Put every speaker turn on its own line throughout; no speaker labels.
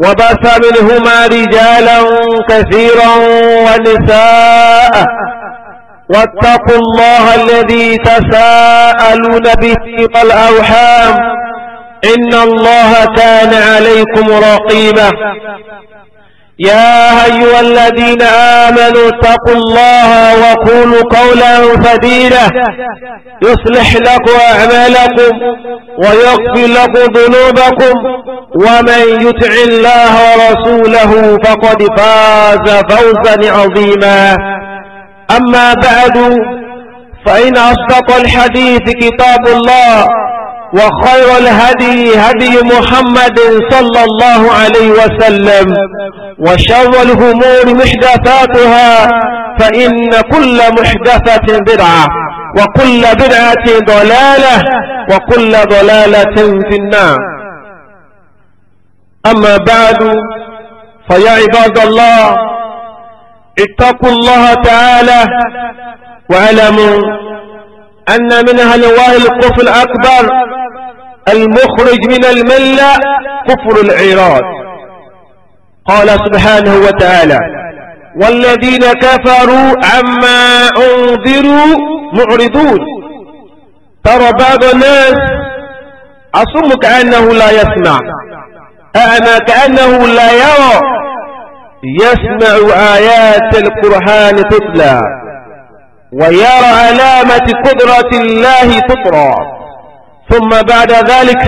وبث منهما رجالا كثيرا ونساء واتقوا الله الذي تساءلون به والأوحام إن الله كان عليكم رقيبا يا أيها الذين آمنوا اتقوا الله وقولوا قولا فديلا يصلح لكم أعمالكم ويغفر لكم ذنوبكم ومن يطع الله ورسوله فقد فاز فوزا عظيما أما بعد فإن أصدق الحديث كتاب الله وخير الهدي هدي محمد صلى الله عليه وسلم وشر الهمور محدثاتها فإن كل محدثة بدعة وكل بدعة ضلالة وكل ضلالة في النار أما بعد فيا عباد الله اتقوا الله تعالى واعلموا أن من هلواء الكفر الأكبر المخرج من الملة كفر العراض قال سبحانه وتعالى والذين كفروا عما أنذروا معرضون ترى بعض الناس أصم كأنه لا يسمع أعمى كأنه لا يرى يسمع آيات القرآن تتلى ويرى علامة قدرة الله تطرى ثم بعد ذلك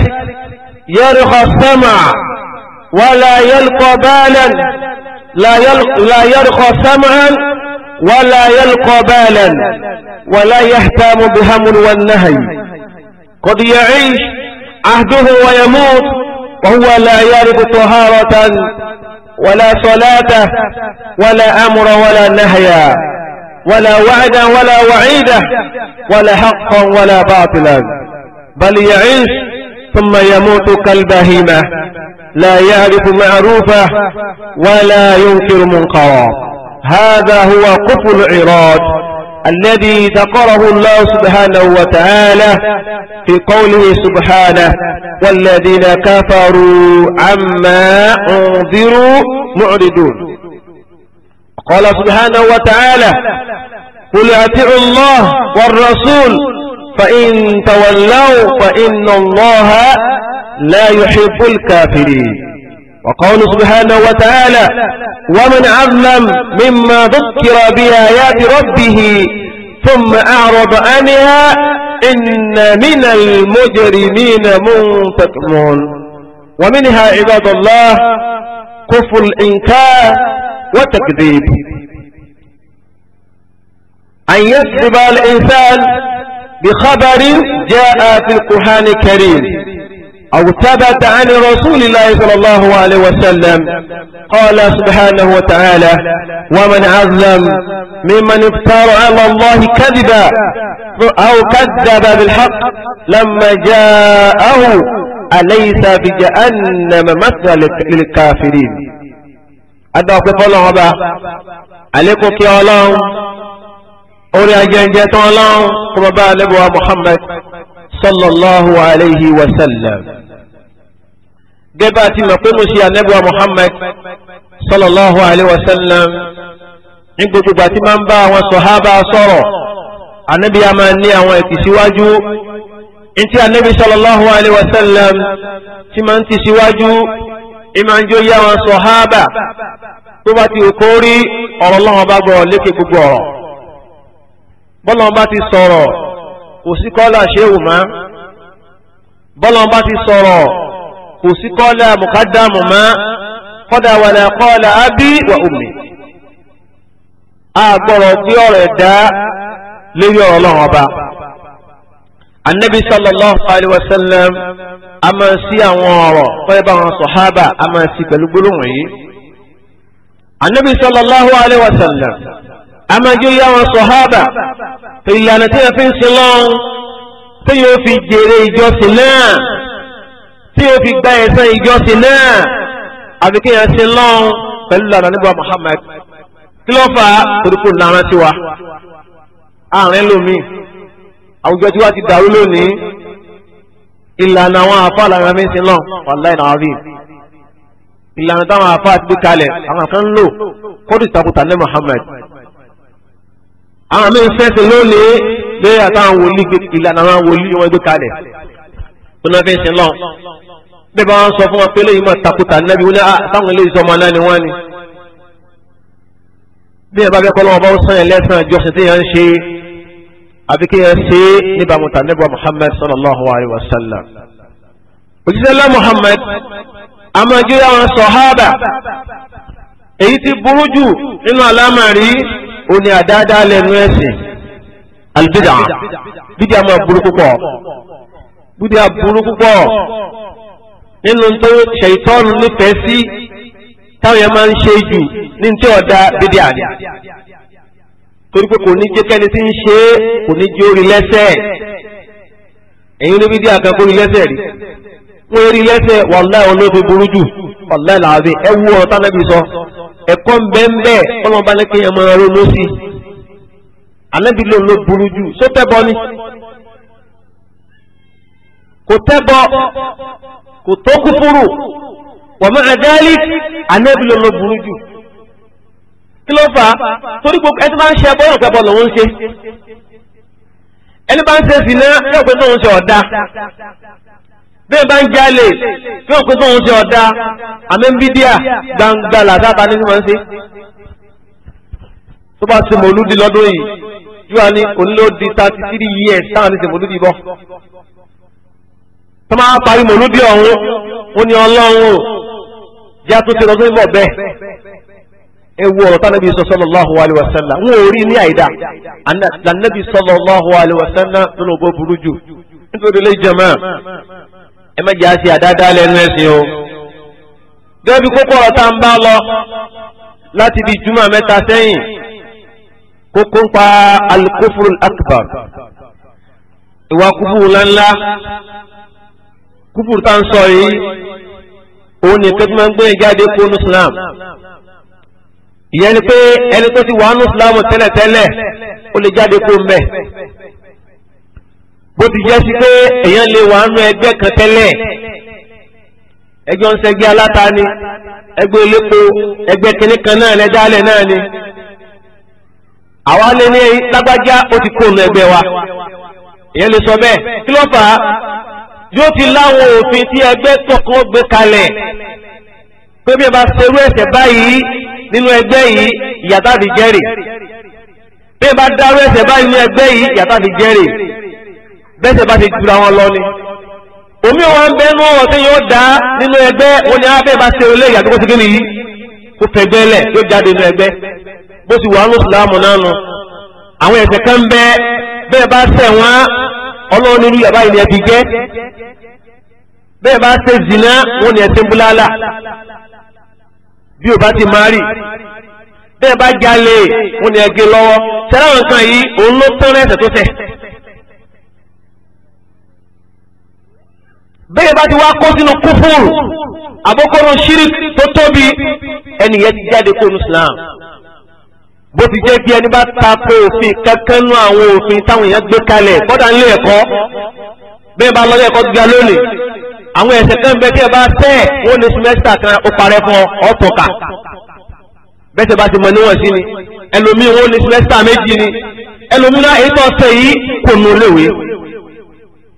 يرخى السمع ولا يلقى بالا
لا, يلق لا يرخى سمعا
ولا يلقى بالا ولا يهتم بهم والنهي قد يعيش عهده ويموت وهو لا يرد طهارة ولا صلاة ولا أمر ولا نهيا ولا وعدا ولا وعيدا
ولا حقا
ولا باطلا بل يعيش ثم يموت كالبهيمة لا يعرف معروفه ولا ينكر منقرا هذا هو قطب العراج الذي ذكره الله سبحانه وتعالى في قوله سبحانه والذين كفروا عما انذروا معرضون قال سبحانه وتعالى قل اطيعوا الله والرسول فإن تولوا فإن الله لا يحب الكافرين وقول سبحانه وتعالى ومن عظم مما ذكر بآيات ربه ثم أعرض عنها إن من المجرمين منتقمون ومنها عباد الله كفر الإنكار وتكذيب أن يكذب الإنسان بخبر جاء في القرآن الكريم أو ثبت عن رسول الله صلى الله عليه وسلم
قال سبحانه وتعالى ومن أظلم ممن افترى على الله كذبا أو كذب بالحق
لما جاءه أليس بجأنم مثل للكافرين أدعوك فالله عليكم يا الله orí agẹ́gẹ́ tó ọlọ́run kó bá alẹ́bùwá Muhammad sallallahu alayhi wa sallam gẹ́gẹ́ àti mọ̀ pé mo ṣe alẹ́bùwá Muhammad sallallahu alayhi wa sallam ní gbogbo ìgbà tí máa ń bá àwọn sọ̀hábà sọ̀rọ̀ ànábì a máa ní àwọn ìtìsíwájú ntí ànábì sallallahu alayhi wa sallam tí máa ń tìsíwájú ìmọ̀-njó àwọn sọ̀hábà tó bá ti kórí ọ̀rọ̀ lọ́wọ́ bá gbọ́ lékè gbogbo ọ̀rọ̀ bọ́lọ́n bá ti sọ̀rọ̀ kò sí kọ́lá ṣéwù mọ́ bọ́lọ́n bá ti sọ̀rọ̀ kò sí kọ́lá mùkádàmù mọ́ kọ́dà wà ní kọ́lá ábí wà ummi a gbọ́rọ̀ gbé ọ̀rọ̀ ẹ̀dá lórí ọ̀rọ̀ ọlọ́run ọba anabi sallallahu alayhi wa sallam a máa sí àwọn ọ̀rọ̀ fẹ́ bá wọn sọ̀hábà a máa sí pẹ̀lú gbólóhùn yìí anabi sallallahu alayhi wa sallam amájúlé àwọn sọ̀hábà ìlànà tí wọ́n fi ń sin lọ́wọ́ tí yóò fi jèrè ìjọsìn náà tí yóò fi gba ẹ̀san ìjọsìn náà àfi kí yẹn sin lọ́wọ́ pẹ̀lú ìlànà nígbà Muhammad kí ló fà á torípò lára sí wa àárín lómi àwùjọ tí wàá ti dàrú lónìí ìlànà àwọn àfa làwọn fi ń sin lọ́wọ́ wàláì náà rí ìlànà táwọn àfa ti gbé kalẹ̀ kan ń lò kódù ìtakùtà Muhammad àwọn míín fẹ́sẹ̀ lónìí lórí àtàwọn wòlíì ìlànà àwọn wòlíì wọn gbé kalẹ̀ tó náà fi ń sin lọ bẹ́ẹ̀ bá wọn sọ fún wọn pé lóyún mọ̀ takuta nábì wọn ní àtàwọn ah, eléyìí sọ ọmọ náà ni wọ́n ni bí ẹ bá fẹ́ kọ́lọ́wọ́ bá sàn yẹn ìjọsìn tí yẹn ń ṣe àfi kí yẹn ṣe níbàámu tà níbà Muhammad sallallahu alayhi wa sallam òjíṣẹ́ lẹ́ Muhammad amagíra wọn sọ̀hábà èyí tí burú jù nínú àlámà rí ó ní àdáadáa lẹ́nu ẹ̀sìn alibida ma máa burú púpọ̀ bídíà burú púpọ̀ nínú tó ṣèyítọ́nù nífẹ̀ẹ́ sí táwọn yẹn máa ń ṣe jù ní tí ọ̀dà bídíà ni torí pé kò ní jẹ́ kẹ́ni tí ń ṣe é kò ní jẹ́ orí lẹ́sẹ̀ ẹ̀yin ní bídíà kan kó rí lẹ́sẹ̀ rí wọ́n rí lẹ́sẹ̀ wàláì burú jù làwọn ẹ wú sọ. ẹ̀kọ́ ń bẹ́ ń bẹ́ ọlọ́run bá lẹ́kẹ́ yẹn máa ronú sí i ànábì lòun ló burú jù só tẹ́bọ ni kò tẹ́bọ kò tó kúfúrú wa ma'a dhalik ànábì lòun ló burú jù kí ló fà á torí gbogbo ẹni máa ń ṣe ẹbọ́rọ̀ pẹ́bọ lòun ń ṣe ẹni bá ń ṣe sí náà yóò pé tóun ṣe ọ̀dà bí n bá ń jalè tí wọ́n pè fún òun ṣe ọ̀dà
àmì bídíà gbangba làtàtà ní wọ́n ṣe.
tó bá ṣe mòlúdi lọ́dún yìí yóò ní onílòdì thirty three years táwọn ti ṣe mòlúdi bọ́. tó máa parí mòlúdi ọ̀hún
ó ní ọlọ́run
já tó ṣe lọ́dún yìí bọ̀ bẹ́ẹ̀. ẹ wo ọ̀rọ̀ tá nàbí sallallahu alaihi wasallam n ò rí ní àìdá lànàbí sallallahu alaihi wasallam nínú ògbó ẹ má jẹ́ àṣẹ àdáadáa lẹ́nu ẹ̀sìn o. gẹ́gẹ́ bí kókó ọ̀rọ̀ tá à ń bá lọ láti bí júmọ̀ mẹ́ta sẹ́yìn kókó ń pa al-kufru al-akbar ìwà kúfùrù ńláńlá kúfùrù tá à ń sọ yìí òun ni kẹ́tí ń gbé jáde kó nu Islam ìyẹn ni pé ẹni tó ti wà nù Islam tẹ́lẹ̀tẹ́lẹ̀ ó lè jáde kó mbẹ́ bó ti jẹ́ sí pé èèyàn lè wà nú ẹgbẹ́ kan tẹ́lẹ̀ ẹgbẹ́ ọ̀nsẹ́gbẹ́ aláta ni ẹgbẹ́ elépo ẹgbẹ́ kínní kan náà lẹ́dálẹ̀ náà ni àwa lè ní lágbájá ó ti kóònù ẹgbẹ́ wa èèyàn lè sọ bẹ́ẹ̀ kí ló fà á yóò ti láwọn òfin tí ẹgbẹ́ kọ̀ọ̀kan gbé kalẹ̀ pé bí ẹ bá ṣerú ẹ̀ṣẹ̀ báyìí nínú ẹgbẹ́ yìí ìyàtà fi jẹ́rìí bí ẹ bá dárú ẹ̀ṣẹ̀ báyìí nínú ẹgbẹ́ yìí ìyàtà fi jẹ́rìí bẹ́sẹ̀ bá ti jura wọn lọ ni omi wọn ń bẹnu ọ̀rọ̀ tí yóò dá nínú ẹgbẹ́ wọn ni abẹ́ bá ṣe olè ìyàtọ̀ kó ti gbé nìyí kó fẹ̀gbẹ́ lẹ̀ yóò jáde nínú ẹgbẹ́ bó ti wà ní ìsìlámù náà nu àwọn ẹ̀ṣẹ̀ kan bẹ bẹ́ẹ̀ bá ṣẹ̀ wọ́n ọlọ́run nínú ni ilẹ̀ ti jẹ́ bẹ́ẹ̀ bá ṣe zina wọn ni ẹ̀ṣẹ̀ ń búláàlà bí o bá ti máa rì bẹ́ẹ̀ bá jalè wọn ni ẹ̀gẹ́ lọ́wọ́ ṣẹlẹ́ àwọn nǹkan yìí òun ló tán ẹ̀ṣẹ̀ tó bẹ́ẹ̀ bá ti wá kó sínú kúfúrù àbókòrò shirik tó tóbi ẹnìyẹn ti jáde kó nu Islam bó ti jẹ́ bí ẹni bá ta pé òfin kankan nú àwọn òfin táwọn èèyàn gbé kalẹ̀ kọ́dà nílé ẹ̀kọ́ bẹ́ẹ̀ bá lọ́lé ẹ̀kọ́ gíga lónìí àwọn ẹ̀sẹ̀ kan bẹ́ẹ̀ tí ẹ bá tẹ̀ wọ́n ní sùmẹ́sítà kan ó parẹ́ fún ọ tọ̀ka bẹ́ẹ̀ tí ẹ bá ti mọ níwọ̀n sí ni ẹlòmíì wọ́n ní sùmẹ́sítà méjì ni ẹlòmíì náà èyí tó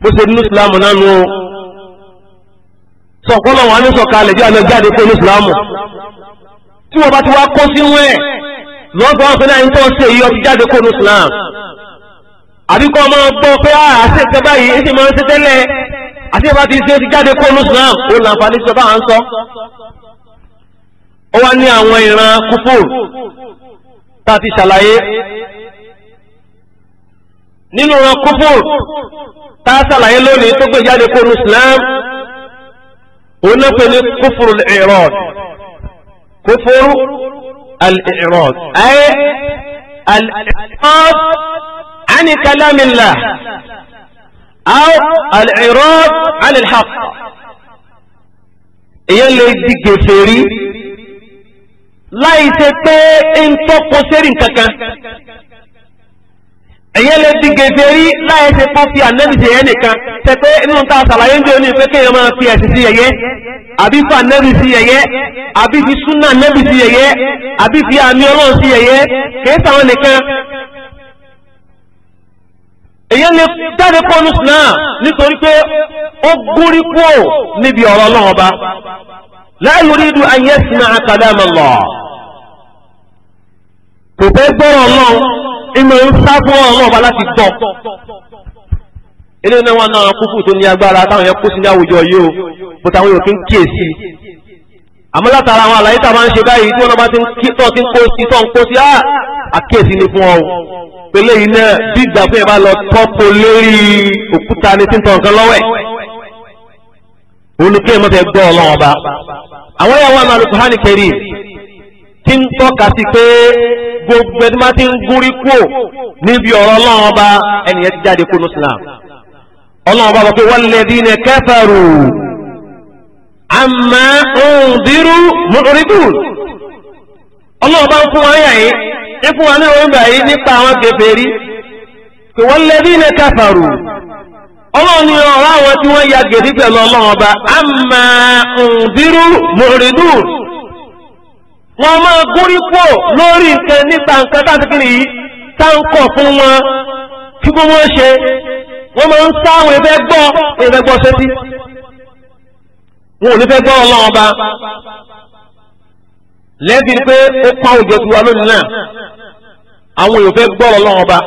ọ̀sẹ̀ sọ̀kọ́lọ̀ wọn ní sọ̀kalẹ̀ bí alẹ́ jáde pé olùsìlámù tí wọ́n bá ti wá kó sínú ẹ̀ lọ́gbọ́n wọn fẹ́lẹ́ ń tọ́ sí èyí ọtí jáde kó olùsìlámù àbíkọ́ ọmọ gbọ́ pé ah, àṣẹ ìjọba yìí ń sì máa ń ṣe tẹ́lẹ̀ àti ìbá ti ṣe ti jáde kó olùsìlámù ó làǹfààní ìjọba à ń sọ ó wá ní àwọn ìran kúfùr tá a ti ṣàlàyé nínú ìran kúfùr tá a ṣàlàyé lónìí tó gbé jáde kó olùsìlámù هنا فلي كفر الإعراض كفر الإعراض أي
الإعراض
عن كلام الله أو الإعراض عن الحق يا دي كفري لا يسيطي انتو قسرين ككا èyàn lè ti gèsè rí láyé pọ́ fi ànẹ́bì sí ẹ̀yẹ́ nìkan tẹ́pẹ́ inú ta sàlàyé ń dèrò ní si kéèyàn máa fi ẹ̀sìn sí ẹ̀yẹ́ àbí fi ànẹ́bì sí ẹ̀yẹ́ àbí fi súnà ànẹ́bì sí ẹ̀yẹ́ àbí fi àmì ọlọ́run sí ẹ̀yẹ́ kìí sàwọn nìkan. èyàn lè jáde pọ́nù náà nítorí pé ó gúrí kú níbi ọ̀rọ̀ ọlọ́run ọba ìmọ̀ ń sá fún ọ̀rọ̀ ọba láti gbọ́ eléyìí náà wà náà kúkú tó ní agbára táwọn yẹn kó sí ní àwùjọ yìí o bó táwọn yòókì ń kíyèsí àmọ́ látara àwọn àlàyé a máa ń ṣe báyìí tí wọ́n bá ti ń kí tó ti ń kó sí ń kó sí á àkíyèsí ni fún ọ yìí náà bí ìgbà fún yẹn bá lọ tọ́pọ̀ ni tí ń tí ń tọ́ka sí pé gbogbo ẹni máa ti ń gúnrí kúò níbi ọ̀rọ̀ ọlọ́run ọba ẹnìyẹn ti jáde kúrò islam ọlọ́run ọba sọ pé walladhina kafaru amma undiru mu'ridun ọlọ́run ọba ń fún wa yà yìí ń fún wa ní òun bàyí nípa àwọn kèfèrí pé walladhina kafaru ọlọ́run ni ọ̀rọ̀ àwọn tí wọ́n ya gèdè pẹ̀lú ọlọ́run ọba amma undiru mu'ridun wọn máa gúnrí pò lórí nǹkan nípa nǹkan tá àtìkiri yìí tá ń kọ̀ fún wọn kí gbogbo wọn ṣe wọn máa ń sá àwọn ìfẹ́ gbọ́ ìfẹ́ gbọ́ sétí wọn ò ní fẹ́ gbọ́ ọlọ́run ọba lẹ́bi pé ó pa òjò tí wà lónìí náà àwọn èèyàn fẹ́ gbọ́ ọlọ́run ọba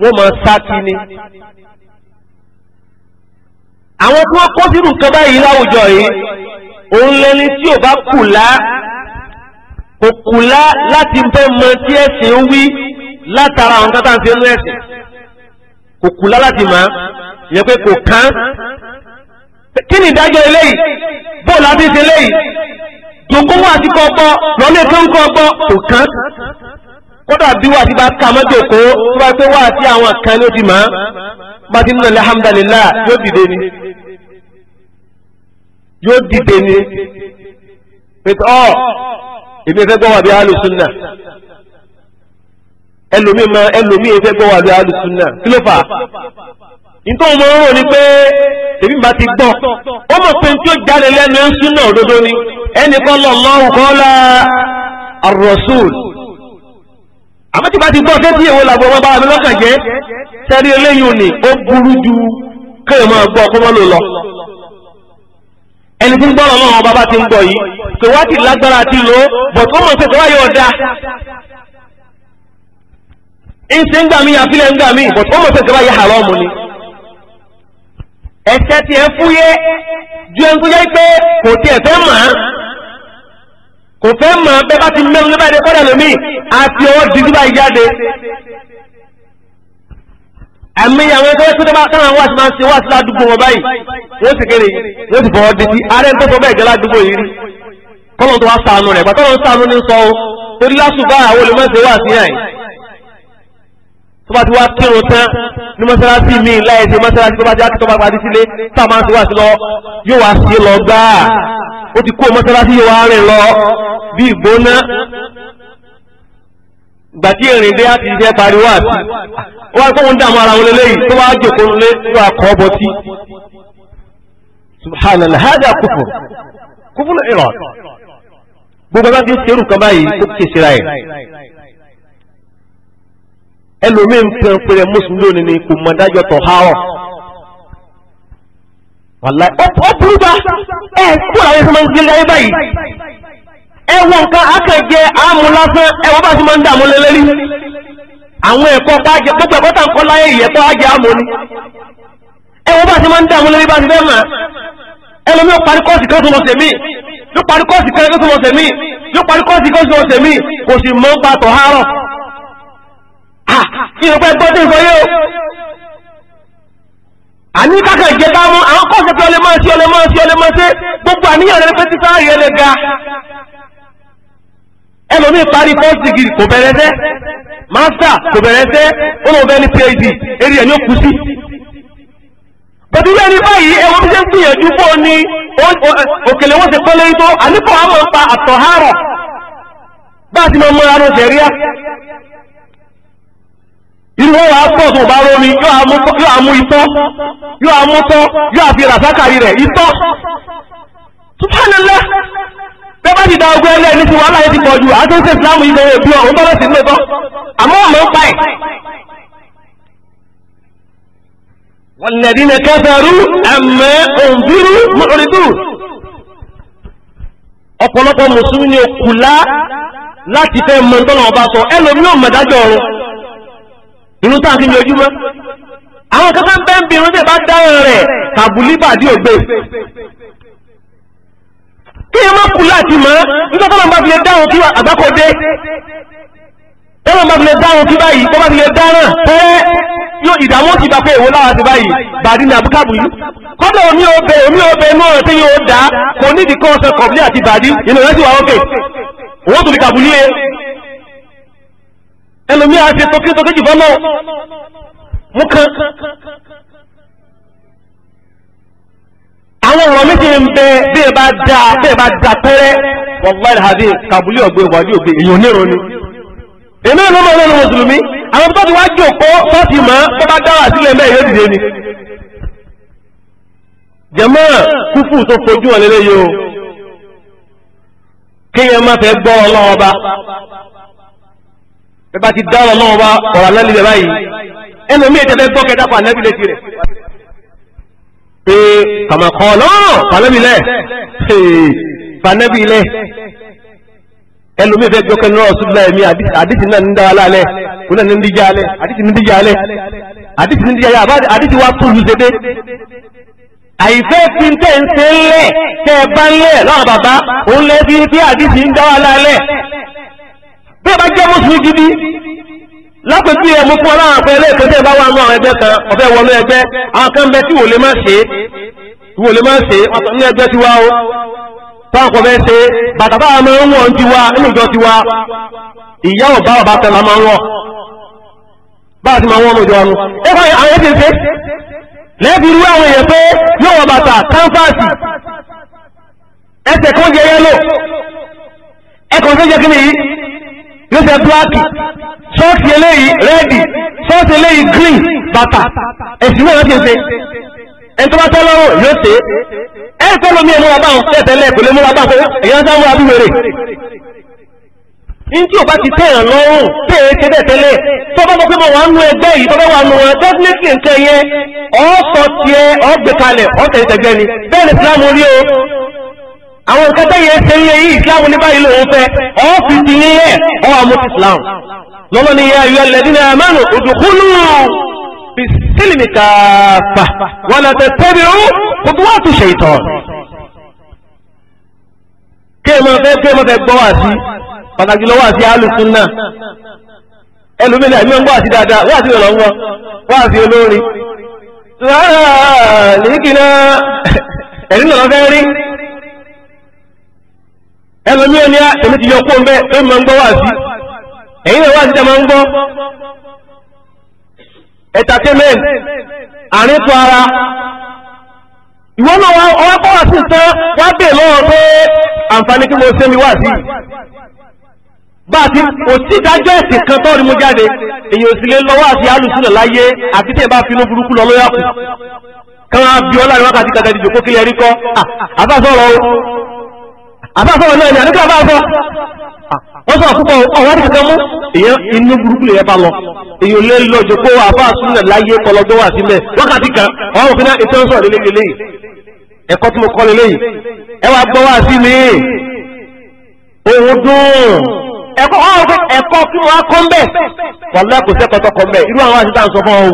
wọ́n máa sá kí ni àwọn tí wọ́n kó sínú nǹkan báyìí láwùjọ yìí òun lẹni tí ò bá kù lá kò kùlá láti fẹ́ mọ tí ẹ̀sìn ń wí látara àwọn kan tá à ń fi ń ẹ̀sìn kò kùlá láti mọ̀ yẹ pé kò kán kí ni ìdájọ́ eléyìí
bóòlù àti ìṣe eléyìí
jòkówó àti kọ́kọ́ lọ́lẹ́ tó ń kọ́kọ́ kò kán kódà bí wà tí bá ká mọ́jòkó tó bá pé wà tí àwọn kan ló ti mọ̀ bá ti nà alhamdulillah yóò dìde ni yóò dìde ni pẹ̀tọ́ èmi fẹ́ gbọ́ wà bí alùsùnà ẹlòmíì ma ẹlòmíì fẹ́ gbọ́ wà bí alùsùnà kí ló fà á nítorí wọn rò ní pé èmi bá ti gbọ́ ó mọ̀ pé tí ó jáde lẹ́nu ẹ̀sùnà òdodo ni ẹnì kan lọ lọ́rùn kan la arọ́sùn àmọ́ tí bá ti gbọ́ sétí èwo làbọ̀ wọn bá mi lọ́kàn jẹ́ sẹ́rí eléyìí ò ní ó burú ju kéèyàn máa gbọ́ wọn lò lọ ẹni tí ń gbọ́ lọ́nà àwọn bàbá ti ń gbọ́ yìí kò wá ti lágbára ti lò ó bọ̀t ó mọ̀ pé kò wá yóò da ń ṣe ń gbà mí àfilẹ̀ ń gbà mí bọ̀t ó mọ̀ pé kò wá yẹ haramu ni ẹsẹ̀ tí ẹ fúyẹ́ ju ẹni tó yẹ pé kò tiẹ̀ fẹ́ mọ̀ án kò fẹ́ mọ̀ án bẹ́ẹ̀ bá ti mẹ́rin nígbà yẹn kọ́dà lómi àti ọwọ́ dídí báyìí jáde ẹ̀mí àwọn ẹgbẹ́ tó dábàá táwọn wá sí máa ń ṣe wá sí ládùúgbò wọn báyìí wọ́n sì kéré wọ́n sì fọwọ́ dìtì ààrẹ tó fọ bẹ́ẹ̀ jẹ́ ládùúgbò yìí rí kọ́lọ̀ tó wá sànù rẹ̀ pàtàkì wọn sànù ní sọ o torí lásùbá àwọn olùmọ̀ọ́sẹ̀ wà sí yàn tó bá ti wá kírun tán ní mọ́sálásí mi láì ṣe mọ́sálásí tó bá ti akitọ́ bá padì sílé tá a máa ń ṣe wá sí lọ yóò wá sí lọ gbáà ó ti kó mọ́sálásí yóò wá rìn lọ bí ìgbóná gbàtí èrìn dé àti iṣẹ́ pariwo àti wọ́n á gbóhùn dààmú ara wọn lélẹ́yìn tó wá jòkóó lé tó àkọ́ bọ́tí subhanallah hada kufur kufur irad gbogbo bá ti ń serú kan báyìí kó kí ìṣera ẹ̀ ẹlòmíín kan pèrè mùsùlùmí lónìí ni kò mọ dájọ́ tọ̀ hárọ̀ wàláì ó burú bá ẹ kó làwọn ẹsẹ̀ máa ń gbé láyé báyìí ẹwọ nǹkan akẹjẹ àmú lásán ẹwọ bá ti máa ń dààmú lélẹ́rí àwọn ẹ̀kọ́ pàjẹ gbogbo ẹ̀kọ́ tà ń kọ́ láyé ìyẹ̀kọ́ ajẹ àmú ni ẹwọ bá ti máa ń dààmú lélẹ́rí bá ti fẹ́ mà ẹlòmí ó parí kọ́ọ̀sì kan tó lọ sẹ̀mí yóò parí kọ́ọ̀sì kan tó lọ sẹ̀mí yóò parí kọ́ọ̀sì kan tó lọ sẹ̀mí kò sì mọ́ ń pa àní kákẹ́ ìjẹba mú àwọn kọ́ọ̀sì pé ọlẹ́mọ́ sí ọlẹ́mọ́ gbogbo àníyàn rẹ̀ pé títà rẹ̀ lẹ́ga ẹlòmíì parí first degree kò bẹ̀rẹ̀ sẹ́ master kò bẹ̀rẹ̀ sẹ́ ó lọ bẹ́ẹ̀ ní phd eré ẹ̀ ní ó kú sí. pẹ̀lú ẹni báyìí ẹwọ́n bí ṣe ń gbìyànjú bó ni òkèlè wọ́n ti kọ́lé tó àníkọ̀ á máa ń pa àtọ̀hárọ̀ bá a ti máa mọ ara rẹ̀ sẹ̀ríà. irú wọn wàá pọ̀ tó bá romi yóò àmú itọ́ yóò àmú tọ́ yóò àfi ràsákàrí rẹ̀ itọ́. subhanallah. tẹ́bá ti da ogún ẹlẹ́ ní ti wàhálà ti pọ̀ ju àtúnṣe yìí ọ̀hún bọ́lá sí àmọ́ ń pa ẹ̀. ni òkùlá láti fẹ́ mọ ọba sọ ọ̀run tá a fi ní ojúmọ́ àwọn kankan bẹ́ẹ̀ bí irun tẹ̀ bá dáhùn kí ẹ má kú láti mọ́ nígbà tó máa fi lè dáhùn kí àgbákòdé tó máa fi lè dáhùn kí báyìí tó máa fi lè dáhùn pẹ́ẹ́ yóò ìdààmú ti bá pé èwo láwa ti báyìí bàdí ní abúkábù yìí kọ́dọ̀ omi ò bẹ omi ò bẹ inú ọ̀rọ̀ tí yóò dá kò nídìí kọ́ ọ̀sẹ̀ kọ̀bílẹ̀ àti bàdí inú rẹ̀ sì wà ókè owó tó fi kàbùlí e ẹlòmíà ṣe tó kí tó fọ́nà mú kan àwọn ọ̀rọ̀ méjì ń bẹ bí ẹ bá dá bí ẹ bá dá pẹ́rẹ́ wọ́n hàbí kàbúlé ọ̀gbẹ́ ìwádìí ògbé èyí onírò ni èmi ló mọ̀ lọ́nà mùsùlùmí àwọn tó ti wá jòkó tó ti mọ̀ tó bá dáwà sílẹ̀ mẹ́ ìyó dìde ni jẹ̀mọ́ kúfù tó fojú wọn lélẹ́yìí o kéèyàn má fẹ́ gbọ́ ọlọ́wọ́ bá ẹ bá ti dá ọlọ́wọ́ bá ọ̀rọ̀ alẹ́ lílẹ̀ báyìí ẹnu mi ìtẹ́fẹ́ gbọ́ kẹta fún ànẹ́bí létí rẹ̀ ee kàmàkọ́ lọ́rọ̀ pàlẹ́bìlẹ̀ ee pàlẹ́bìlẹ̀ ẹlòmí fẹ́ gbọ́kẹ́ lọ́rọ̀ ṣùgbọ́n ẹ̀mí àdìsí náà ń dára lálẹ́ kúlẹ̀ ní díjà alẹ́ àdìsí ní díjà alẹ́ àdìsí ní díjà alẹ́ àdìsí wa túlù ṣe dé àìfẹ́ fi ń tẹ́ ń ṣe ń lẹ̀ tẹ́ ẹ bá ń lẹ̀ lọ́wọ́ bàbá òun lẹ́ fi bí àdìsí ń dára lálẹ́ bí ẹ bá jẹ́ mùsùlùmí gidi lápẹ̀tí ẹ̀mú fún aláwọn ọ̀pẹ ilé ìpínlẹ̀ bá wà ní àwọn ẹgbẹ́ kan ọ̀fẹ́ wọnú ẹgbẹ́ àwọn kan bẹ tí wò lè má ṣe wò lè má ṣe ọ̀tọ̀ ní ẹgbẹ́ tiwa o táwọn kọ̀ fẹ́ ṣe bàtà báwa máa ń wọ̀n tiwa nínú ìjọ tiwa ìyá ọ̀bá ọ̀bá tẹ̀ la máa ń wọ̀ báwa ti máa wọ́n lójú ọ̀run ẹ fà àwọn ètò ìṣe lẹ́ẹ̀fi irú àwọn èèyàn pé yóò wọ bàtà kánfàsì ẹsẹ̀ kan jẹ yẹ́lò ẹkùn tó jẹ yóò ṣe bíláàkì ṣọ́ọ̀ṣì eléyìí rẹ́ẹ̀dì ṣọ́ọ̀ṣì eléyìí green bàtà ẹ̀sìn náà ti ṣe ẹni tó bá tẹ́ lọ́rùn yóò ṣe é ẹ̀ kọ́ lómi ẹ̀ múra báwọn tẹ́ tẹ́lẹ̀ kò lè múra báwọn èèyàn sá múra bí wèrè ní tí ò bá ti tẹ̀yàn lọ́rùn tẹ́ ẹ ṣe bẹ́ẹ̀ tẹ́lẹ̀ tó bá mọ̀ pé mo wà nú ẹgbẹ́ yìí tó bá wà nú wọn definitely nǹkan yẹn ọ̀ọ́sọ tiẹ̀ ọ̀gbẹ̀kalẹ̀ ọ̀tẹ̀ẹ̀tẹ̀gbẹ́ ni bẹ́ẹ̀ ni Islam rí o àwọn nǹkan tẹ́yẹ ṣe ń yẹ yí islam ní báyìí lòun fẹ́ ọ́fíìsì ní yẹ ọ́ àmú islam lọ́nà ni yẹ ayọ́ alladhina amanu udkhulu fi sílìmì kàfà wa la tattabi'u khutuwati shaytan. kéèmọ̀ fẹ́ kéèmọ̀ fẹ́ gbọ́ wá sí pàtàkì lọ́wọ́ àti alùsùn náà ẹlòmínà ẹ̀mí ń gbọ́ àti dáadáa wá àti ìrọ̀lọ́wọ́ wá àti olórin. láàrín kìnnà ẹ̀rí lọ́fẹ́ rí ẹlòmí ò ní èmi ti yọ kó ń bẹ pé mo ń gbọ́ wá sí ẹ̀yin náà wá sí tẹ̀mọ́ ń gbọ́ entertainment àríkù ara ìwọ náà wá ọwọ́ kọ́ wá sí tán wá bè lọ́wọ́ pé àǹfààní kí mo ṣe mi wá sí bá a ti kò sí ìdájọ́ ẹ̀sìn kan tọ́ọ̀rì mú jáde èyàn sì lè lọ́wọ́ àti alùsùnà láyé àti tẹ̀ bá finú burúkú lọ lóyàkù kan á bí ọlọ́run wákàtí kàtàkì jòkó kí kọ́ àbá o àbáfọ́ wọn náà ni àdúgbò àbáfọ́ wọ́n sọ púpọ̀ ọ̀wọ́n kankan mú èyàn inú burúkú lè bá lọ èyàn lè lọ jò pé àbá súnlẹ̀ láyé kọlọgbọ́ wà sílẹ̀ wákàtí kan ọ̀hún fi náà ètò ọ̀sọ̀ lélẹ́ lélẹ́ ẹ̀kọ́ tí mo kọ́ lélẹ́ ẹ wá gbọ́ wá sí mi òun dùn ẹ̀kọ́ ọ̀hún pé ẹ̀kọ́ kí wọ́n á kọ́ mbẹ́ wàlúwà kò sẹ́kọ̀ọ́ tó kọ́ mbẹ́ irú àwọn àti táwọn sọ fún ọ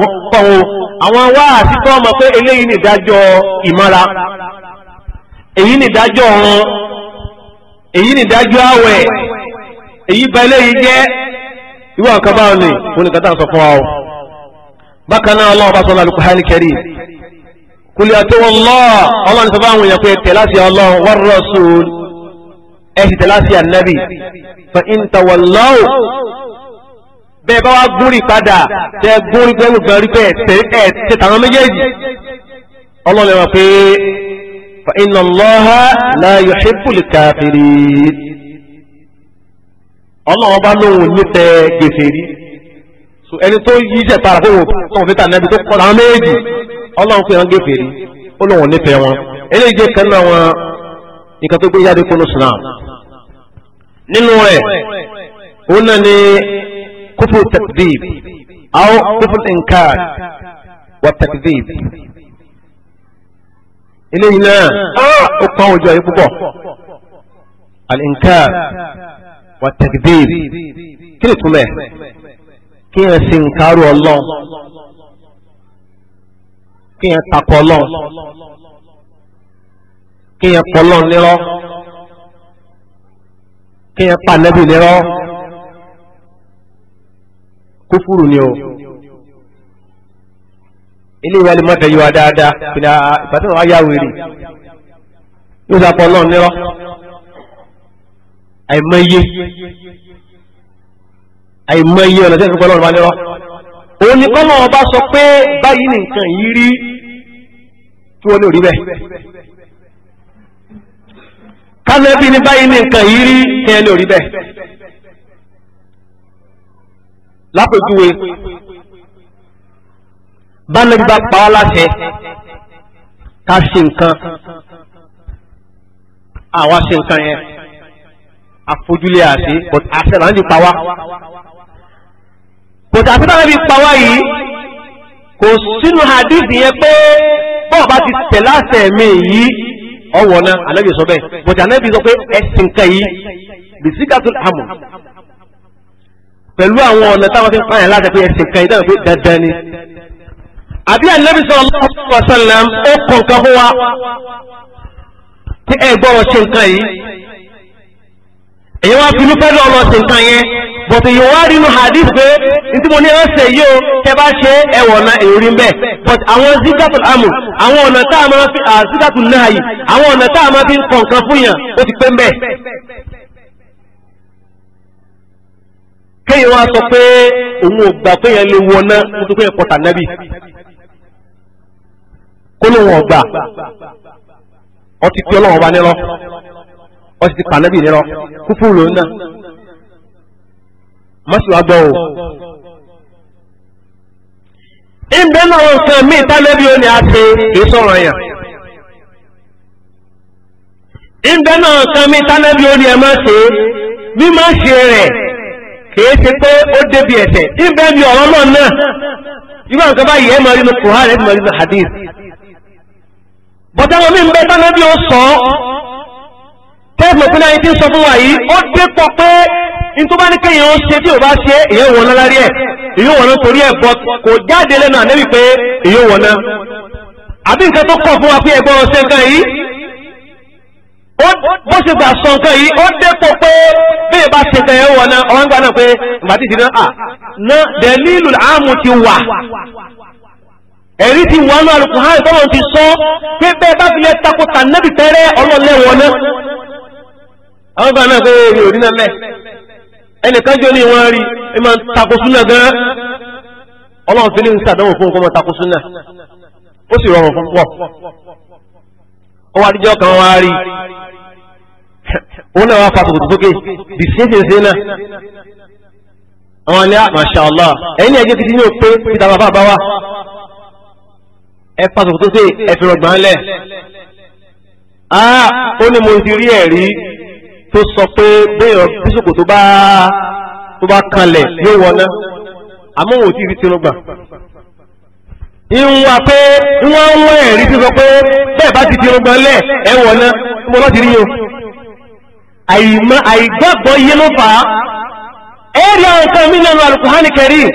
àwọn wá àtitọ́ ọmọ pé eléyìí nìdájọ́ ìmọ̀ra èyí nìdájọ́ ọ̀run èyí nìdájọ́ àwẹ̀ èyí ba eléyìí jẹ́ ìwé ni wọn nìkan tá sọ fún wa o bákan náà ọlọ́run bá sọ lálùkù hàn kẹrì kùlì àti wọn lọ ọlọ́run sọ fáwọn èèyàn pé tẹ̀lá sí ọlọ́run wọ́n sùn ẹ̀sì tẹ̀lá sí ànábì fa ìntàwọ̀lọ́wọ́ bẹ́ẹ̀ bá wá gúnrí padà tẹ́ gúnrí pẹ́lú gbọ́n rí ya tẹ́ فإن الله لا يحب الكافرين ọlọ́run ọba lóhun nífẹ̀ẹ́ gèfèrí so ẹni tó yí jẹ́ tóun fi ta nẹ́bi tó kọ́ làwọn méjì ọlọ́run fi hàn gèfèrí ó lóhun nífẹ̀ẹ́ wọn eléyìí kan náà wọn nǹkan tó gbé yára nínú náà àwọn eléyìí náà
ah, ó pọ́n òjò yìí púpọ̀
al-inkar wa takdir kí ni túmẹ̀ kí yẹn sì ń ọlọ́n kí yẹn takọ̀ ọlọ́n kí yẹn pọ̀ ọlọ́n nírọ́ kí yẹn pa nẹ́bì nírọ́ kúfúrú ni o ilé ìwà lè mọ́ tẹ̀yí wa dáadáa pìlà ìpàtẹ́ wọn yá wèrè yóò sàpọ̀ náà nírọ́ àìmọye àìmọye ọ̀nà tẹ́sí pọ̀ náà nírọ́ òun ni kọ́mọ ọba sọ pé báyìí nìkan yìí rí tí wọ́n ní òrí bẹ́ẹ̀ kánẹ́bí ni báyìí nìkan yìí rí tí wọ́n ní òrí bẹ́ẹ̀ lápèjúwe bánàbí bá pa wá láṣẹ ká ṣe nǹkan àwa ṣe nǹkan yẹn àfojúlé àṣẹ but àṣẹ là ń di pa wá but àṣẹ táwọn ibi pa wá yìí kò sínú hadith yẹn pé bọ́ọ̀ bá ti tẹ̀ láṣẹ mi yìí ọwọ́ náà ànábì sọ bẹ́ẹ̀ but ànábì sọ pé ẹ̀sìn kan yìí bìsíkàtún àmọ̀ pẹ̀lú àwọn ọ̀nà táwọn fi ń pààyàn láti pé ẹ̀sìn kan yìí dáhùn pé dandan ni àbí ànábì sallallahu alaihi wasallam ó kọ̀ nǹkan fún wa tí ẹ gbọ́rọ̀ ṣe nǹkan yìí èyí wá fi nípa lọ́wọ́ ṣe nǹkan yẹn
bọ̀tù yìí wá rí inú hadith pé
tí mo ní ẹ ṣe yìí o tẹ bá ṣe ẹwọ̀n náà èrí ń bẹ̀ but àwọn zigatu amr àwọn ọ̀nà tá a máa fi zigatu náà yìí àwọn ọ̀nà tá a máa fi kọ̀ nǹkan fún yàn ó ti pé ń bẹ̀. kéèyàn wá sọ pé òun ò gbà pé yẹn lè wọ náà mo pé yẹn pọ̀ tà nábì ó lóun ọgbà
ó ti pé ọlọ́run ọba nírọ́ ó ti pa ànábì nírọ́ kúfúrú lòun náà
mọ́síwá gbọ́ o. ìbẹ́ náà nǹkan mí ìtàlẹ́bí ó ní a ṣe kì í sọ̀rọ̀ yàn. ìbẹ́ náà nǹkan mí ìtàlẹ́bí ó ní ẹ máa ṣe bí máa ṣe rẹ̀ kìí ṣe pé ó débi ẹ̀ṣẹ̀ ìbẹ́ bí ọ̀rọ̀ náà náà irú báyìí ẹ máa rí ní kùhárẹ̀ ẹ máa rí ní hadith bọ̀dá wọn mi ń bẹ tánàbí ó sọ tẹ́ẹ̀mù pínlẹ̀ tí ń sọ fún wa yìí ó dépọ̀ pé in tó bá ní kéèyàn ó ṣe tí ò bá ṣe èyí wọ̀n náà lárí ẹ̀ èyí wọ̀n náà torí ẹ̀ bọ́ kò jáde lẹ́nu ànẹ́bí pé èyí wọ̀n náà àbí nǹkan tó kọ̀ fún wa pé ẹgbọ́n ọ̀sẹ̀ nǹkan yìí bó ṣe gbà sọ nǹkan yìí ó dépò pé bí ìbá ṣe tẹ̀yẹ̀ wọ̀ náà ọ̀hún gbà náà pé ìgbà ẹ̀rí ti wà ní ha quran ti sọ pé bẹ́ẹ̀ bá fi lẹ́ takọta nẹ́bì tẹ́rẹ́ ọlọ́lẹ́wọ̀n náà àwọn ọgbà náà pé èrè na náà lẹ̀ ẹnìkan jọ ní wọn rí ẹ máa súnà gan ọlọ́run fi ní ń sàdánwò fún súnà ó sì rọrùn fún pọ̀ ó wá díjọ́ kan wá rí òun náà wá sókè masha ẹ̀yìn ẹ̀jẹ̀ ẹ pàṣẹ tó ṣe ẹ̀fìrọ̀gbọ̀n lẹ̀ ó ní mo ti rí ẹ̀rí tó sọ pé béèyàn bísòkò tó bá tó bá kanlẹ̀ yóò wọná àmọ́ òun ò tí ì rí tinúgbà ìwà pé wọ́n ń wọ́n ẹ̀rí tó sọ pé bẹ́ẹ̀ bá ti tinúgbà lẹ̀ ẹ̀ wọná mo lọ́ ti rí o àìgbàgbọ́ yé ló fà á ẹ̀rí àwọn nǹkan mí nínú Al-Qur'ani Karim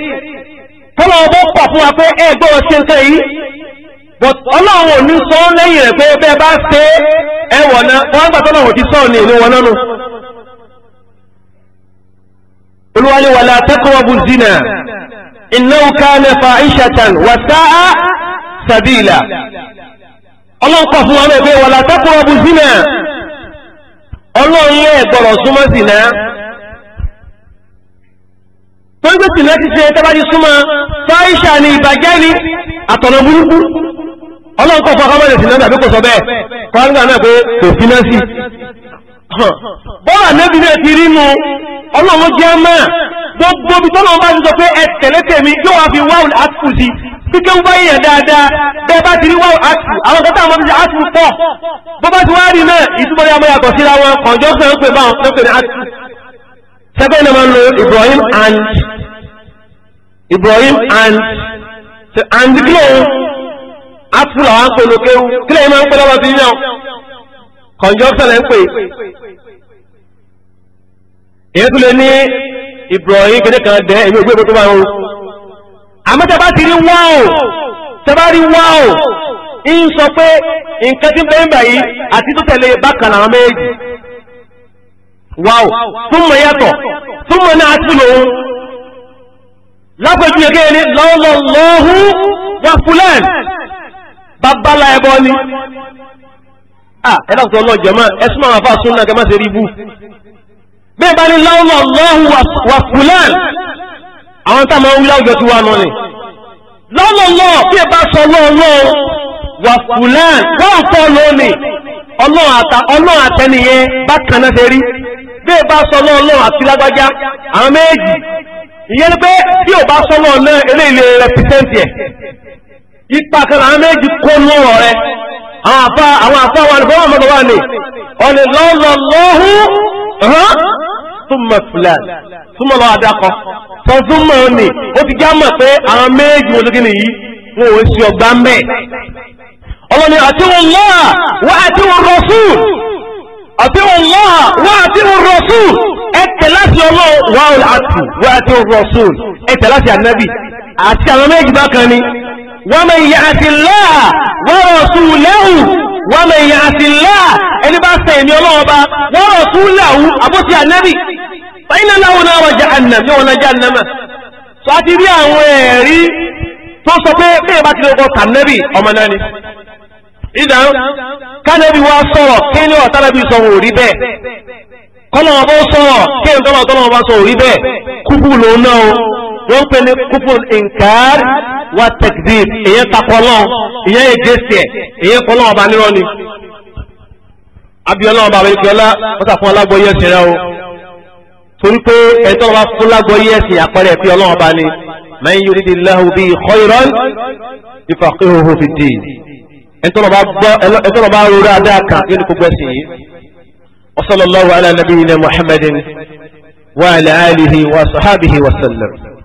tọ́lọ́ ọbọ̀ pọ̀ fún wa pé ẹ̀ gbọ́ ọ ṣe nǹkan yìí but ọlọ́run ò ní sọ lẹ́yìn rẹ̀ pé bẹ́ẹ̀ bá ṣe ẹwọ̀n náà wọ́n gbà tọ́lọ́run ti sọ ní ìlú wọn lọ́nu olúwalé wala taqrabu zina innahu kana fa'ishatan wa sa'a sabila ọlọ́run kọ̀ fún wa náà pé wala taqrabu zina ọlọ́run yẹ ẹ̀gbọ̀rọ̀ súnmọ́ zina tó ń gbé zina ti ṣe tábàdí súnmọ́ fa'isha ni ìbàjẹ́ ni àtọ̀nà burúkú ọlọ́run kọ́ fọ́kọ́ mọ́lẹ̀ sínú àbí kò sọ bẹ́ẹ̀ kọ́ńgà náà pé kò fi náà sí bọ́ọ̀lá nẹ́bí náà ti rí nu ọlọ́run jẹ́ máa gbogbo ibi tọ́lọ́run bá ti sọ pé ẹ tẹ̀lé tèmi yóò wá fi wáwùl àtìkù sí kíkẹ́ ń bá yẹn dáadáa bẹ́ẹ̀ bá ti rí wáwùl àtìkù àwọn kọ́tà àwọn ọmọdé àtìkù pọ̀ bó bá ti wá rí náà ìtumọ̀ ní amáyàtọ̀ síra wọn kọ̀ǹjọ́ Ibrahim and Ibrahim and and the glow apu làwọn ń polo kéwú kílẹ̀ yìí máa ń pẹ́ lọ́wọ́ sí yíyan conjunction ẹ̀ ń pè èyí tún lè ní Ibrahim kéde kan dẹ́ èmi ògbé ìbòtó báyìí o àmọ́ tẹ́ bá ti rí wá o
tẹ́ bá rí wá o
ń sọ pé nǹkan tí ń bẹ́ẹ̀ bẹ̀ yìí àti tó tẹ̀lé bákan làwọn méjì wá o súnmọ́ yàtọ̀ súnmọ́ náà ti lòun lápẹ̀jú yẹ kéde ní lọ́wọ́lọ́hún wà fúlẹ́ẹ̀ babalá ẹbọ ni ah, ẹ dàpọ̀ ọlọ́jọ́ mọ́ ẹ súnmọ́ àwọn afáàsùn náà kẹ́ má ṣe rí bú bẹ́ẹ̀ bá ní láwùlọ̀ lọ́hùn wà fúlẹ́ẹ̀n àwọn tá a máa ń wí láwùjọ tí wà nù ni láwùlọ̀ lọ́ bí ẹ bá sọ lọ́ọ̀lọ́ wà fúlẹ́ẹ̀n wọ́n fọ́ lónìí ọlọ́run àtẹnìyẹ bákan náà ṣe rí bẹ́ẹ̀ bá sọ lọ́ọ̀lọ́ àti lágbájá àwọn méjì ìyẹn ni pé tí ò bá sọ lọ́ọ̀ náà eléyìí lè rẹpítẹ́ǹtì ẹ̀ ipa kan àwọn méjì kó nú ọ̀rẹ́ àwọn àfa àwọn àfa wa nìkan wọn mọ̀tọ́ wà ní ọ̀nì lọ́lọ́lọ́hù hàn túmọ̀ fúlẹ̀ túmọ̀ lọ́wọ́ adakọ̀ sọ túmọ̀ ní ó ti já mọ̀ pé àwọn méjì wọn lókè nìyí wọn ò sí ọgbà ń bẹ̀. ọlọ́ni àti wọn lọ́à wọ́n àti wọn rọ̀sùn àti wọn lọ́à wọ́n àti wọn rọ̀sùn ẹ tẹ̀ láti wọ́n àti wọn rọ̀sùn ẹ tẹ̀ ànábì àti àwọn méjì bákan ni. ومن يعص الله ورسوله ومن يعص الله ẹni bá ṣẹ̀ a Ọlọ́run Ọba ورسوله àbótí ànábì فإن نار جهنم yóò wọná jahannam sọ àti rí àwọn ẹ̀rí tó sọ pé bẹ́ẹ̀ bá ti lọ́kọ̀ kànábì ọmọ náà ni ìdán kànábì wa sọ̀rọ̀ kí ni ọ̀tá nábì sọ̀rọ̀ òrí bẹ́ẹ̀ kọ́nà wọ́n pè ní kúfùn nkàr wà tẹ̀kdìr ìyẹn takọlọ́ ìyẹn ègèsì ẹ̀ ìyẹn kọlọ́ ọba nírọ́ ni. abiola ọba àwọn ìkọlá wọ́n tà fún alágbóyè ẹ̀sìn rẹ o torí pé ẹ̀tọ́ ọba fún alágbóyè ẹ̀sìn àpẹẹrẹ ẹ̀fí ọlọ́wọ́n ọba ni man yuridillahu bihi khayran yufaqihuhu fid-din ẹ̀tọ́ ọba rúra dáàkà yóò ní gbogbo ẹ̀sìn yìí. wa sallallahu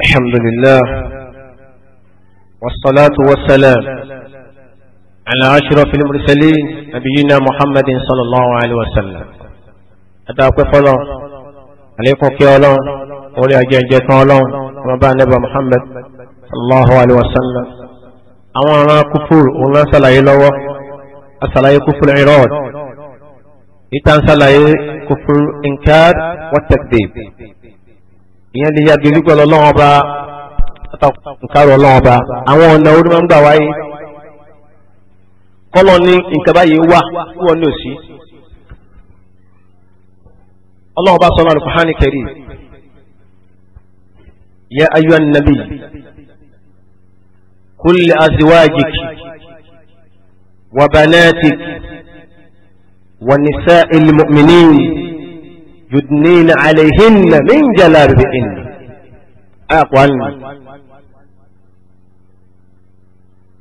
الحمد لله والصلاة والسلام على أشرف المرسلين نبينا محمد صلى الله عليه وسلم أدعوك فلان عليكم كيالون ولي أجين جيتالون ومبا نبا محمد صلى الله عليه وسلم أما أنا كفور ولا سلاي لوا أسلاي كفور عراض إتان سلاي كفور إنكار والتكذيب ìyẹn lè yàgò ìlú pẹ̀lú ọlọ́run ọba àtàkùnkárọ̀ ọlọ́run ọba àwọn ọ̀nà orí máa ń gbà wáyé kọ́lọ́ ní nǹkan báyìí wà kí wọ́n ní òsì ọlọ́run ọba sọ́nà alùpùpù kẹrì yẹ ayọ́ nàbì kúlẹ̀ aziwájìkì wàbánáàtìkì wànísà ilmùmìnìyìn yudnin alayhinna min jalabibihinna àpò àná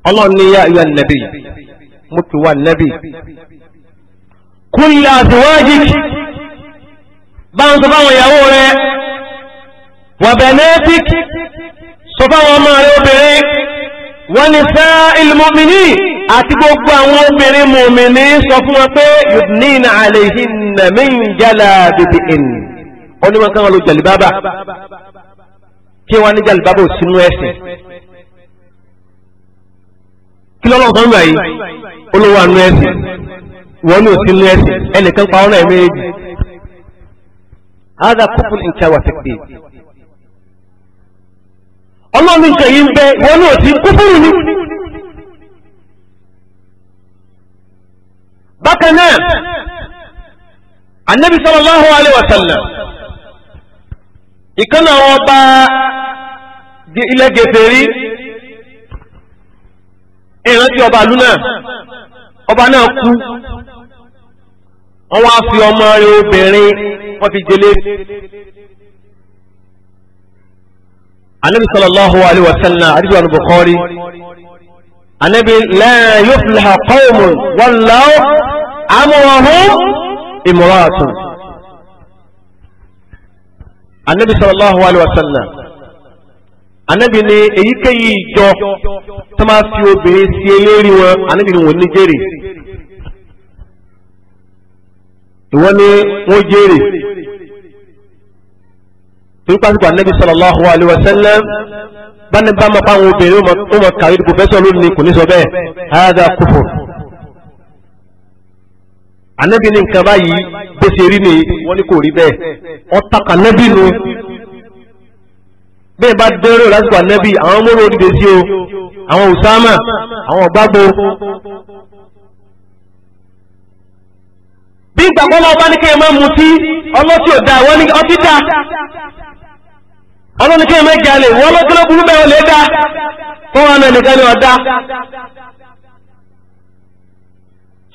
ọlọ́run ní yá ayọ́ nàbí mo ti wà nàbí kulli azwajiki báwọn sọ fáwọn ìyàwó rẹ wa banatik sọ fáwọn ọmọ rẹ obìnrin wọ́n ni sa'il mu'minin àti gbogbo àwọn obìnrin mọ̀mìnì sọ fún wọn pé yudnina alayhinna min jalabibihin onímọ̀ kan wọn lo jàlìbábà kí wọ́n ní jàlìbábà ò sínú ẹ̀sìn kí lọ́lọ́ kan gbà olówó ọlọ́run ní ń bẹ wọn ní òsì kúfúrú ni. bákan náà anabi sallallahu alayhi wa sallam ìkànnì àwọn ọba ilẹ̀ rí ìrántí ọba luna ọba náà kú wọ́n wá fi ọmọ rẹ̀ obìnrin anabi sallallahu alayhi wa sallam hadith wa bukhari anabi la yufliha qawmun wallaw amrahum imra'atun anabi sallallahu alayhi wa sallam anabi ní èyíkéyìí ìjọ tó máa fi obìnrin sí eléri wọn anabi ní wọn ní jèrè ìwọ ni wọn jèrè torípa sípò anabi sallallahu alayhi wa sallam báni bá máa fáwọn obìnrin ó mọ kàwé dìbò fẹsẹ̀ lónìí kò ní sọ bẹ́ẹ̀ hada kufur. anabi ní nǹkan báyìí bó ṣe rí ni wọ́n ní kò rí bẹ́ẹ̀ ọ̀tàkà anabi nu bẹ́ẹ̀ bá dẹ́rẹ́ lásìkò anabi àwọn ọmọ orí sí o àwọn usama àwọn ọ̀gbágbó. bí ìgbàgbọ́ náà bá ní kéèyàn máa mutí ọlọ́tí ò dáa wọ́n ní ọtí dáa ọlọ́ni kí ẹ̀mẹ́ jalè wọ́n lọ́tọ́lọ́ burú bẹ́ẹ̀ lè dá fún wa náà nìkan ni ọ̀dá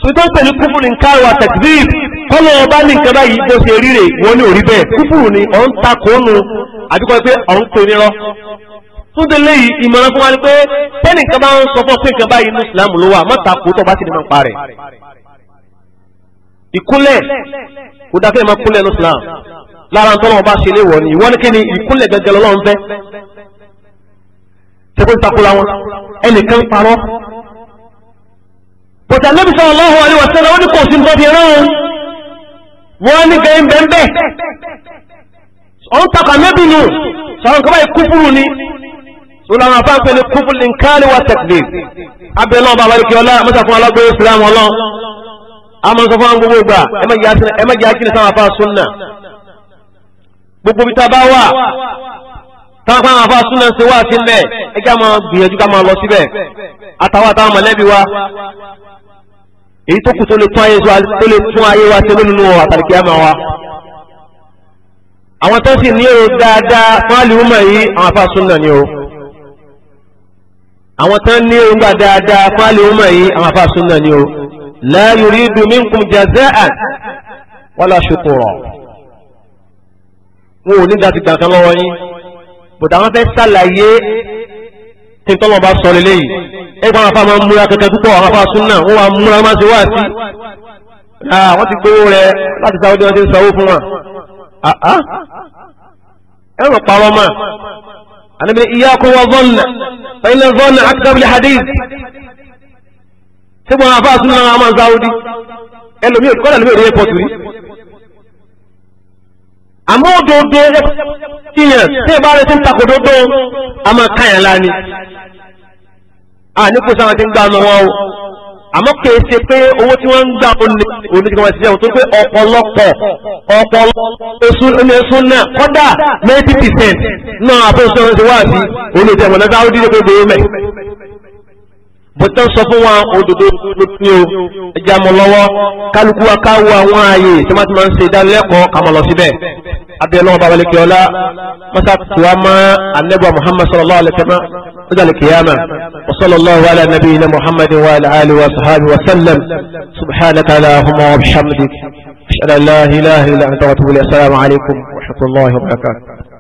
ṣùgbọ́n pẹ̀lú kúfùrù nǹkan àwọn àtẹ̀kìbíìb kọ́lọ̀ ọba ní nǹkan báyìí bó ṣe rí rè wọ́n ní òrí bẹ́ẹ̀ kúfùrù ni ọ̀n takòónù àbíkọ́ pé ọ̀n pè ní rọ́ tún délé yìí ìmọ̀ràn fún wa ni pé tẹ́nì kan bá ń sọ fún pé nǹkan báyìí ní Islam ló wà mọ́ta kó tó bá sì ní máa ń parẹ́ ìkúnlẹ̀ kó dákẹ́ máa kúnlẹ̀ ní lára ń tọ́lọ́wọ́ bá ṣe lé wọ̀ ni ìwọ́n ní kíni ìkúnlẹ̀ gẹ́gẹ́ lọ́wọ́ ń fẹ́ tẹ́kùn takura wọn
ẹnìkan parọ́
bọ̀tà Nabi sallallahu alaihi wasallam ó ní kò sí nǹkan fi rán wọn ní gẹ́yìn bẹ́ẹ̀ ọ̀n takà Nabi nù sọ̀rọ̀ nǹkan báyìí kúfúrú ni sọlá wọn afáàpẹ́ ní kúfúrú ní nkáàlì wa tẹ̀kìlì abẹ́ náà bàbá ìkẹ́ ọlá mọ́tà fún alágbé Islam ọlọ́ àmọ́ sọ fún àwọn gbogbo ìgbà ẹ gbogbo bí tá a bá wà táwọn apá àwọn afá súnà ń ṣe wá sí mẹ́ẹ̀ ẹ kí a máa gbìyànjú ká máa lọ síbẹ̀ àtàwọn àtàwọn mọ̀lẹ́bí wa èyí tó kù tó lè tún ayé wa tó lè tún ayé wa ṣe lónìí wọn àtàlìkí àmà wa. àwọn tó sì ní èrò dáadáa fún àlùmọ̀ yìí àwọn afá súnà ni o àwọn tó ní èròǹgbà dáadáa fún àlùmọ̀ yìí àwọn afá súnà ni o la yuridu minkum wọn ò ní gàtí gàkan lọ́wọ́ yín bùdá wọn fẹ́ sàlàyé tí n tọ́lọ̀ bá sọ lélẹ̀ yìí ẹ gbọ́n afá máa ń múra kẹ̀kẹ́ púpọ̀ àwọn afá súnà wọn wà múra máa ṣe wá sí i wọ́n ti gbowó rẹ láti sáwọ́ bí wọ́n ti ń sanwó fún wa ẹ rọ̀ parọ́ mà ànábi iyyakum wa dhanna fa inna dhanna akdhabu ṣé gbọ́n afá súnà wọn máa ń sáwọ́ di ẹlòmíì kọ́lá ẹlòmíì rí àmọ́ òdodo ìyàn tí ìbá rẹ̀ ti ń takò dodo a máa káyàn lani a ní kò sáwọn tí ń gbà ọmọ wọn o àmọ́ kìí ṣe pé owó tí wọ́n ń gbà oníjìkọ̀wé ṣiṣẹ́ o tó pé ọ̀pọ̀lọpọ̀
ọ̀pọ̀lọpọ̀
oṣù náà kọ́dà ninety percent náà àbẹ̀wò sọ̀rọ̀ ṣe wá sí olùjẹ̀wọ̀n náà sáwọ́ dídé pé bèé mẹ́ bọ̀tẹ́ sọ fún wa òdòdó ní o ẹja mọ lọ́wọ́ kálukú wa ká wo àwọn ààyè tí wọ́n ti máa ń ṣe ìdánilẹ́kọ̀ọ́ kà mọ̀ lọ síbẹ̀ abẹ́lẹ́ wọn babalẹ̀ kí ọlá mọ́sá tí wàá muhammad sallallahu alayhi wa sallam ọjà lè wa sallallahu ala nabiyyina muhammad wa ala alihi wa sahbihi wa sallam subhanaka allahumma wa bihamdik ashhadu an la ilaha illa anta wa atubu ilayk assalamu alaykum wa rahmatullahi wa barakatuh